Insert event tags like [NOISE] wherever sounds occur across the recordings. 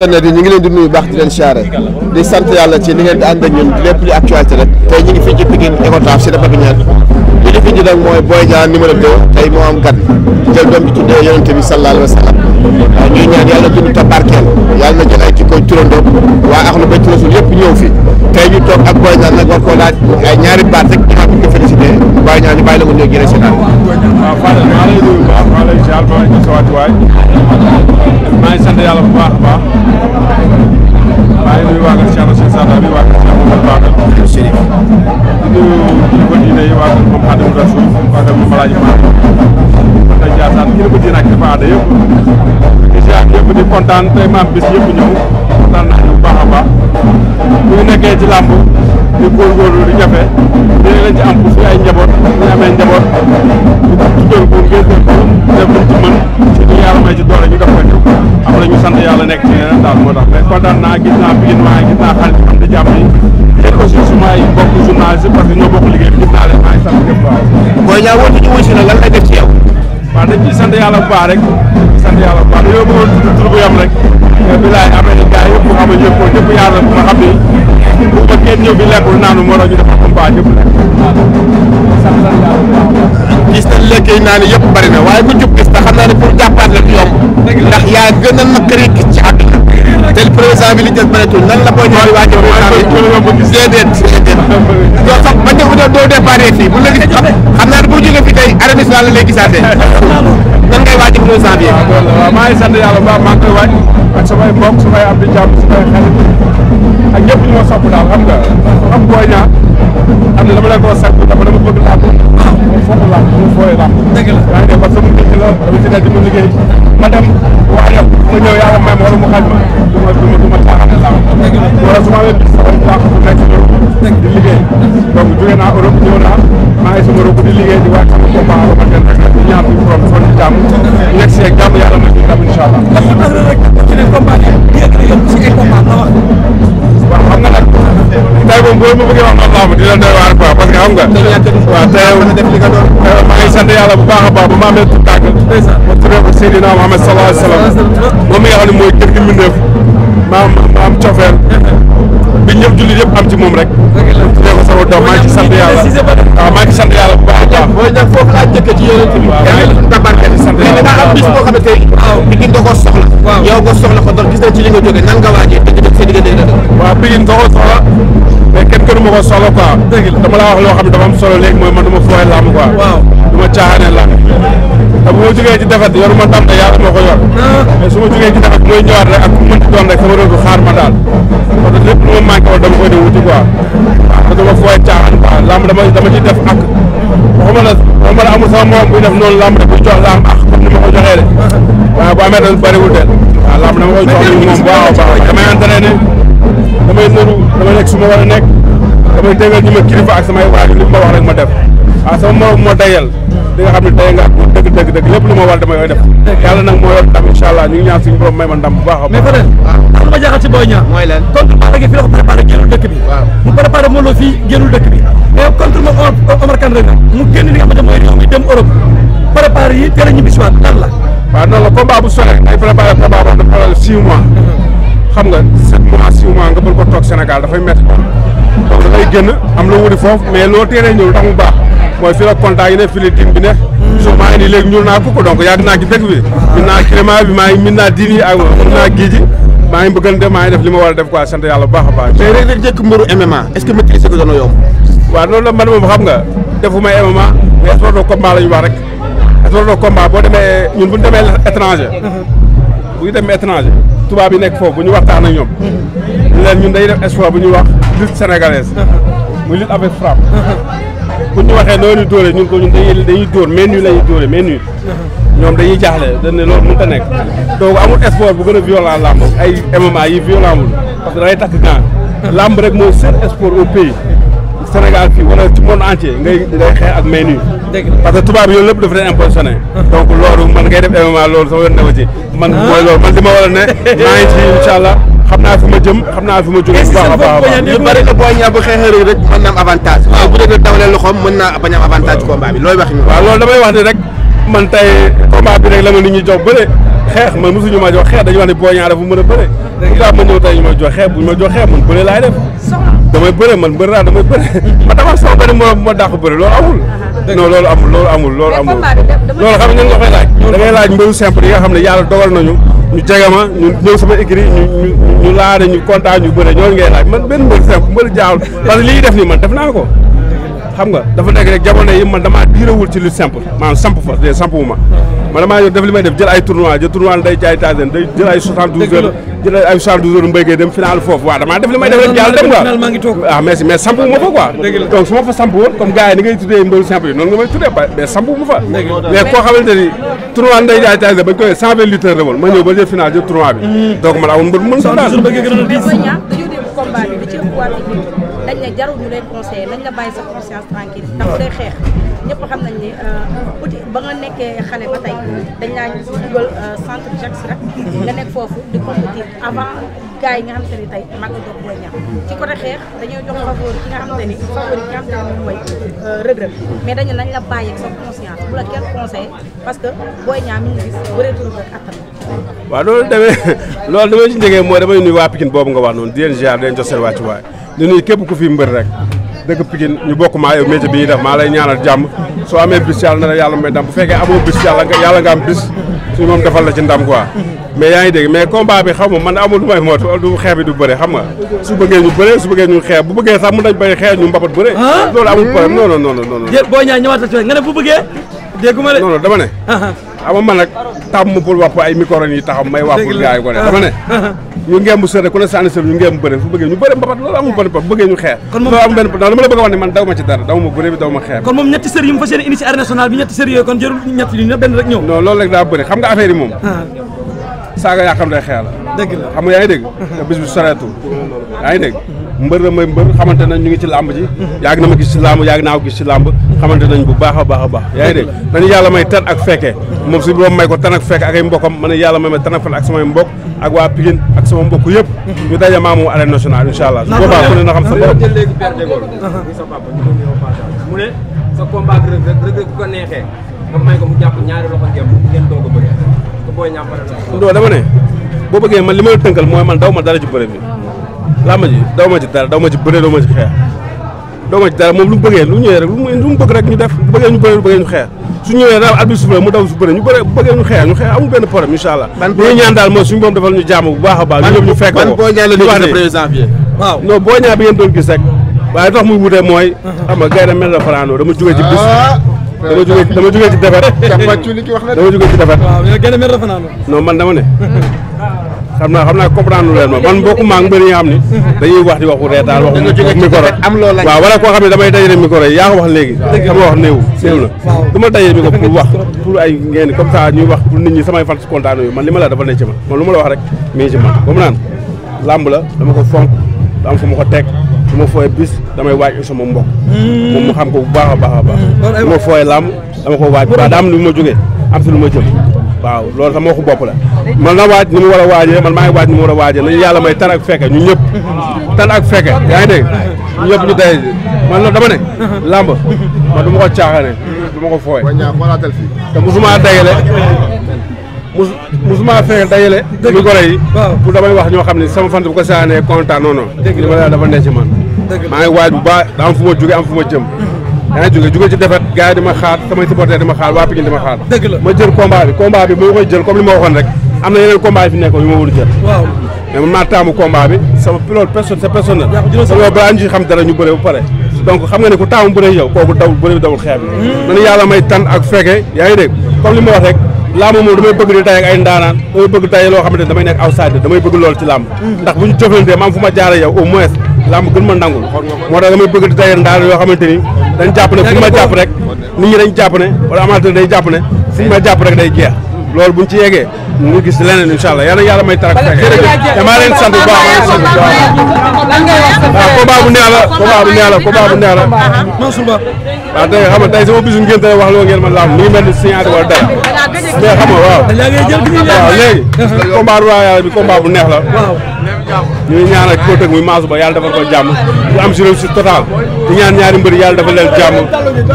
internet ñu ngi leen di nuyu baax di leen siyaare di sant yàlla ci ni ngeen di ànd ak ñun lépp li actualité rek tey ñu ngi fii ci Pikine Icotaf Cité fi ji nag mooy Boy Niang numéro 2 tey moo am gan jël doom bi tuddee yonente bi sallallahu alayhi wa sallam waaw ñuy ñaan barkeel yàlla na jël ay ci koy turandoo waa axlu bay turasul ñëw fi tey ñu toog ak Boy Niang nag war koo laaj ay ñaari baat rek ñu félicité Boy Niang ñu bàyyi la mu ñëw génne si si alba wañ ko sawati waay ngi sant yàlla bu baax baax ngi nuyu waagal bi waagal di nuyu kilifa diine yi waagal moom Xadim Rasul waagal moom Alaaji Maalik man dañ jaasaan kilifa diine ak kilifa aada yëpp di ziar yëpp di kontaan tey maam bis baax baax ñu ci di góorgóorlu di jafe dinañ leen ci am pour ay njaboot ñu amee ko ngeen sant yalla nek ci leneen daal moo tax mais kontaan naa gis naa Pikine maa gis na xal ci di jàmm yi ko ci suma yi bokk journaliste parce que ñoo bokk liggéey bi gis naa leen maa ngi sant ñëpp waaw. booy ñaar woote ci wuyu si nag lan lay def ci yow. ba dañ ci sant yalla bu baax rek sant yalla bu baax yow bëggoon tudd tuddu bu yam rek bi laay amee ni gaay yu xam nga yëpp ñëpp yaatal ma xam bi bu ko kenn ñëw bi lekkul naanu mo tax ñu def comme baax ñëpp sant yàlla bu baax. gis na lekk naani yëpp bari na waaye ku jub gis te xam naa ne pour jàppaat la du yomb yaa gën a naqari ci àdduna te président bi li jël bëreetul nan la koy ñëwee waajal président bi déedéet doo sax ba déglu doo départ fii bu la gis xam xam naa ne boo jógee fii tey arène nationale la lay gisaatee nan ngay waajal président bi. waaw maa ngi sant yàlla ba maa ngi koy waaj ak samay mbokk samay am di jàmm samay xarit ak ñëpp ñu ma sopp daal xam nga am booy ñaa am na dama la ko sakku dafa dama bëgg làmb foofu làmb fooy làmb dëgg la waaye ba sama la dama si nekk di ma liggéey ma dem waaye yow ma ñëw yàlla may ma wala mu xaj ma du ma ma ma la ma di di ma di na ci ndam incha allah. ndax ñu bëri rek ci ne combat yi yegg na yomb si ay combat la wax. waaw xam nga nag tey moom boo ma bëggee wax noonu laa ma di la doy waar yàlla bu baax a baax ba ma amee tout tànk ma tuddee ko Seydina Muhammad sallallahu alayhi wa sallam moom mi nga xam ne mooy gën gi mbindeef ma am cofeel bi ñëpp jullit yëpp am ci moom rek ma tuddee ko sama doom maa ngi ci sant yàlla waaw maa ngi sant yàlla bu baax a baax mooy nag foofu laa jëkkee ci yéen tamit tabarkee ci sant yàlla da nga am bis boo xam ne tey Pikine da ko soxla yow ko soxla ko doon gis na li nga jógee nan nga waajee dëgg dëgg seen diggante waaw Pikine da ko soxla mais kenn gënu ma ko soxla quoi dama laa wax xam ne dafa am solo léegi mooy man ma caaxaanee la te bu ma jógee defet yoruma ndam te yàlla moo ko yor mais su ma jógee ci defet mooy ñëwaat rek ak ku mënti doon rek ma daal parce que lépp lu ma manqué woon dama koy di wuti quoi waaw te dama fooy caaxaan def ak waxuma la waxuma la amul sama moom buy def noonu lamb rek buy jox lamb ak comme ni ma ko joxee de waaw bu amee dañ bëriwul de waaw lamb dama koy jox li moom waaw waaw damay nekk su ma war a nekk damay déggal ñu ma kilifa ak samay waaju li ma wax rek ma def waaw sama morom moo dayal di nga xam ne tey nga dëgg dëgg dëgg lépp lu ma war dama def yàlla nag moo yor ndam incha allah ñu ngi ñaan suñu borom may ma ndam bu baax a baax mais Fadel am lu ma jaaxal si Boy Niang mooy leen contre Balla Gaye fii la ko préparé génnul dëkk bi mu préparé Modou fii génnul dëkk bi mais contre ma Omar Kane rek mu génn li nga xam ne mooy réew mi dem Europe préparé yi teel a ñibbi si waat la waaw la combat bu ay préparé combat dafa six mois xam nga sept mois six mois nga bëgg ko toog Sénégal dafay métti donc génn am la foofu mais ñëw tax mu baax mooy fii la contact yi ne fii la dim bi ne. toujours maa ngi nii léegi ñuul naa kooku donc yàgg naa ci dëkk bi. min naa climat bi maa min naa diini ak min naa géej gi ngi bëggante maa ngi def li ma def quoi sant yàlla bu baax baax. mais Reug Reug jëkk mbiru MMA est-ce que maîtriser ko dana yomb. waaw noonu la man moom xam nga defu MMA mais sport de combat la ñu rek sport de combat boo demee ñun bu ñu étranger. bu ñu demee étranger tubaab yi nekk foofu ñu waxtaan ak ñoom. ñu leen ñun day def sport bu ñuy wax lutte sénégalaise. muy lutte avec frappe. bu ñu waxee noonu dóore ñun ko ñun dañuy dañuy dóor menu la ñuy dóore menu uh-huh. ñoom dañuy jaaxle dañ ne loolu mënut a nekk donc amul sport bu gën a violent làmb ay MMA yi violent wul parce que da ngay takk gant làmb rek mooy seul sport au pays Sénégal fii wala ci ngay ngay xeex ak menu parce que tubaab yooyu lépp dafa leen impressionné uh-huh. donc loolu man ngay def MMA loolu sama yoon newa ci man ah. loolu man li ma war a ne maa [LAUGHS] ngi ci allah xam naa fi ma jëm xam naa fi ma jógee bu baax a baax ñu bari na boo ñaa bu xeexee rek mën na am avantage waaye bu dee da dawalee loxoom mën naa bañ am avantage combat bi looy wax ñu waaw loolu damay wax ni rek man tey combat bi rek la ma nit ñi jox bëre xeex man mosuñu ma jox xeex dañu wax ne boo ñaa dafa mën a bëre pourquoi ma ñëw tey ñu ma jox xeex bu ñu ma jox xeex man bëre laay def damay bëre man bëre laa damay bëre ma dama sama benn moo bu ma dàq bëre loolu amul non loolu amul loolu amul loolu amul loolu xam nga ñan nga koy laaj da ngay laaj mbiru simple yi nga xam ne yàlla dogal nañu ñu jege ma ñu ñëw sama écrit ñu ñu ñu laare ñu kontaan ñu bëre ñoo ngay laaj man benn mbër simple mbër jaawul parce que li def nii man def naa ko xam nga dafa nekk rek jamono yi man damaa wul ci lu simple maanaam samp fa de samp wu ma man maa yor def li may def jël ay tournoi jël tournoi day jaay taasen jël ay 72 heures jël ay 72 dem final foofu waaw damaa def li may def rek yàlla dem quoi waaw merci mais sampu ma fa quoi donc ma fa may tuddee mais sampu ma fa mais koo tournoi day jaay taasen la woon ba jël final jël tournoi bi dañ ne jarul ñu lay conseillé nañ la bàyyi sa conscience tranquille ndax bu dee xeex ñëpp xam nañ ne petit euh, euh, nga nekk foofu di compétir avant gars yi nga xam te ni tey mag a doog booy ñaar ci nga xam te ni favori nga xam te ni moom euh, que booy ñaar mi ngi gis bëreetul rek attan loolu damay [LAUGHS] ci mooy damay nuyu waa Pikine boobu nga wax noonu di leen ziar di leen jox seen nu nuyu képp ku fi mbër rek dëkk Pikine ñu bokk maa yow métier bi ñuy def maa lay ñaanal jàmm soo amee bis yàlla na yàlla may ndam bu fekkee amoo bis yàlla nga yàlla am bis suñu mais yaa ngi dégg mais combat xaw ma man amul lu may moot du xeex bi du bëre xam nga su bëggee ñu bëre su bëggee ñu xeex bu bëggee sax mën nañ boo ñaa ñëwaat ci nga ne bu bëggee dégguma de non non ah, ah. ay micro yi taxaw may wàpp gars yi ah, dama ne ñu ngeem bu sore ku ne sànni sore ñu ngeem bëre fu bëggee ñu bëre mbapat loolu amul benn bu bëggee ñu xeex loolu amul benn ndax dama la bëgg a wax ne man daw ma ci dara daw ma bëre bi daw ma xeex kon moom ñetti sër yu mu fas yéene indi ci arène nationale bi ñetti sër yooyu kon jërul ñetti li na benn rek ñëw non loolu rek daa bëri xam nga affaire yi moom ah. saaga yaa xam day xeex la dëgg la xam nga yaa ngi dégg [LAUGHS] bis bi soreetul yaa ngi dégg mbër la may mbër xamante nañ ñu ngi ci làmb ji yàgg na ma gis ci làmb yàgg naa ko gis ci làmb xamante nañ bu baax a baax a baax yaa ngi nañu yàlla may tan ak fekkee moom suñu borom may ko tan ak fekke ak ay mbokkam ma ne yàlla may ma tan ak fekke ak samay mbokk ak waa Pikine ak sama mbokk yëpp ñu daje maa moom arène nationale insha allah boobaa ku ne na xam sa bopp mu ne sa combat rek ko neexee nga may ko mu jàpp ñaari loxo gem ngeen doog a bëri ko booy ñaam pare ne boo bëggee man li ma la mooy man daw ma dara ci bi làmb ji daw ma ci dara daw ma bëre daw ma ci xeex daw ma ci lu bëggee lu ñëwee rek lu mu bëgg rek ñu def bëggee ñu bëre bu bëggee ñu xeex su ñëwee daal at bi suuf mu daw su bëre ñu bëre bu bëggee ñu xeex ñu xeex amul benn problème incha allah ñu ñaan daal mooy suñu boom defal ñu jàmm bu baax a baax ñu fekk ko waaw non boo ñaa bi ngeen doon gis rek waaye tax uh-huh. na faraanoo dama jógee ci bis ah. dama jógee dama jógee ci defet [LAUGHS] xam naa xam naa comprendre leen ma man mbokk maa ngi bëri nga xam ni dañuy wax di waxu reetaan waxu micro waaw wala koo xam ne damay dajale micro yi yaa ko wax léegi sama wax néew néew na du ma dajale micro pour wax wax samay fan spontané yu man li ma la dafa ne ci man lu ma la wax rek mii ci man ba mu naan làmb la dama ko fonk da am fu ma ko teg su ma fooyee bis damay waaj sama mbokk hmm. moom mu xam ko bu baax a baax a baax su hmm. ma fooyee làmb dama ko waaj baax da lu ma jógee am lu ma jëm waaw loolu sama waxu bopp la man na waaj ni mu war a waajee man maa ngi waaj ni mu war a waajee nañu yàlla may tan ak fekke ñu ñëpp tan ak fekke yaa ngi dégg ñu ñëpp ñu day man loolu dama ne làmb man du ma ko caaxaane du ma ko fooye te mosuma dayale mus mosuma fexe dayale ñu gore yi pour damay wax ñoo xam ne sama fant bu ko saanee kontaan non non li ma la dafa ne ci man maa ngi waaj ba baax da am fu ma jóge am fu ma jëm yaa ngi a jóge a defet gars yi di ma xaar samay supporter di ma xaar waa Pikine di ma xaar ma jël combat bi combat bi jël comme li ma waxoon rek am na yeneen combat yi a pare donc xam nga ne ku taamu bëre yow kooku daw bëre bi dawul xeeb hmm. nanu yàlla may tan ak fekke yaa ngi dégg comme li ma wax rek làmb moom damay bëgg di tay ay ndaanaan damay bëgg tay loo xamante ne damay nekk outsider damay bëgg loolu ci làmb hmm. ma am fu ma jaare yow au moins làmb gën ma nangul moo tax damay bëgg di tayal ndaal yoo xamante ni dañ jàpp ne fuñu ma jàpp rek nit ñi dañ jàpp ne wala amateur day jàpp ne fuñu ma jàpp rek day jeex loolu buñ ci yeggee ñu gis leneen incha allah yàlla yàlla may tarak damaa leen sant bu baax maa leen sant bu baax waaw combat bu neex la combat bu neex la combat bu neex la Mansour Ba waaw tey xam nga tey sama bisu ngénte wax loo ngeen ma làmb mi ngi mel ni signaté wala dara mais xam nga waaw. dañ laa jël bi la waaw léegi. combat royal bi combat bu neex la. waaw. ñuy ñaanal koo tëgg muy maasu ba yàlla defal ko jàmm bu am si réussite totale di ñaan ñaari mbër la dafa leen jàmm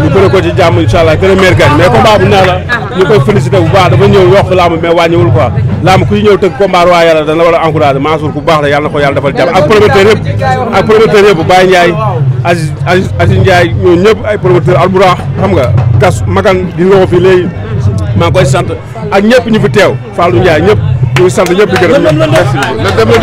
ñu bëre ko ci jàmm incha allah gën a meer bu neex la ñu koy félicité bu baax dafa ñëw yokk laamu mais wàññiwul a laamu kuy ñëw tëgg combat roi yàlla dana war a encouragé Mansour ku baax la yàlla na ko yàlla defal jàmm ak promoteur yëpp ak promoteur yëpp Baye Ndiaye Aziz Aziz Ndiaye ñooñu ñëpp ay promoteur alburax xam nga gas magan di nga ko maa ngi koy sant a ñëpp ñu fi teew Fallou Ndiaye ñëpp ñu ngi sant ñëpp di gërëm ñëpp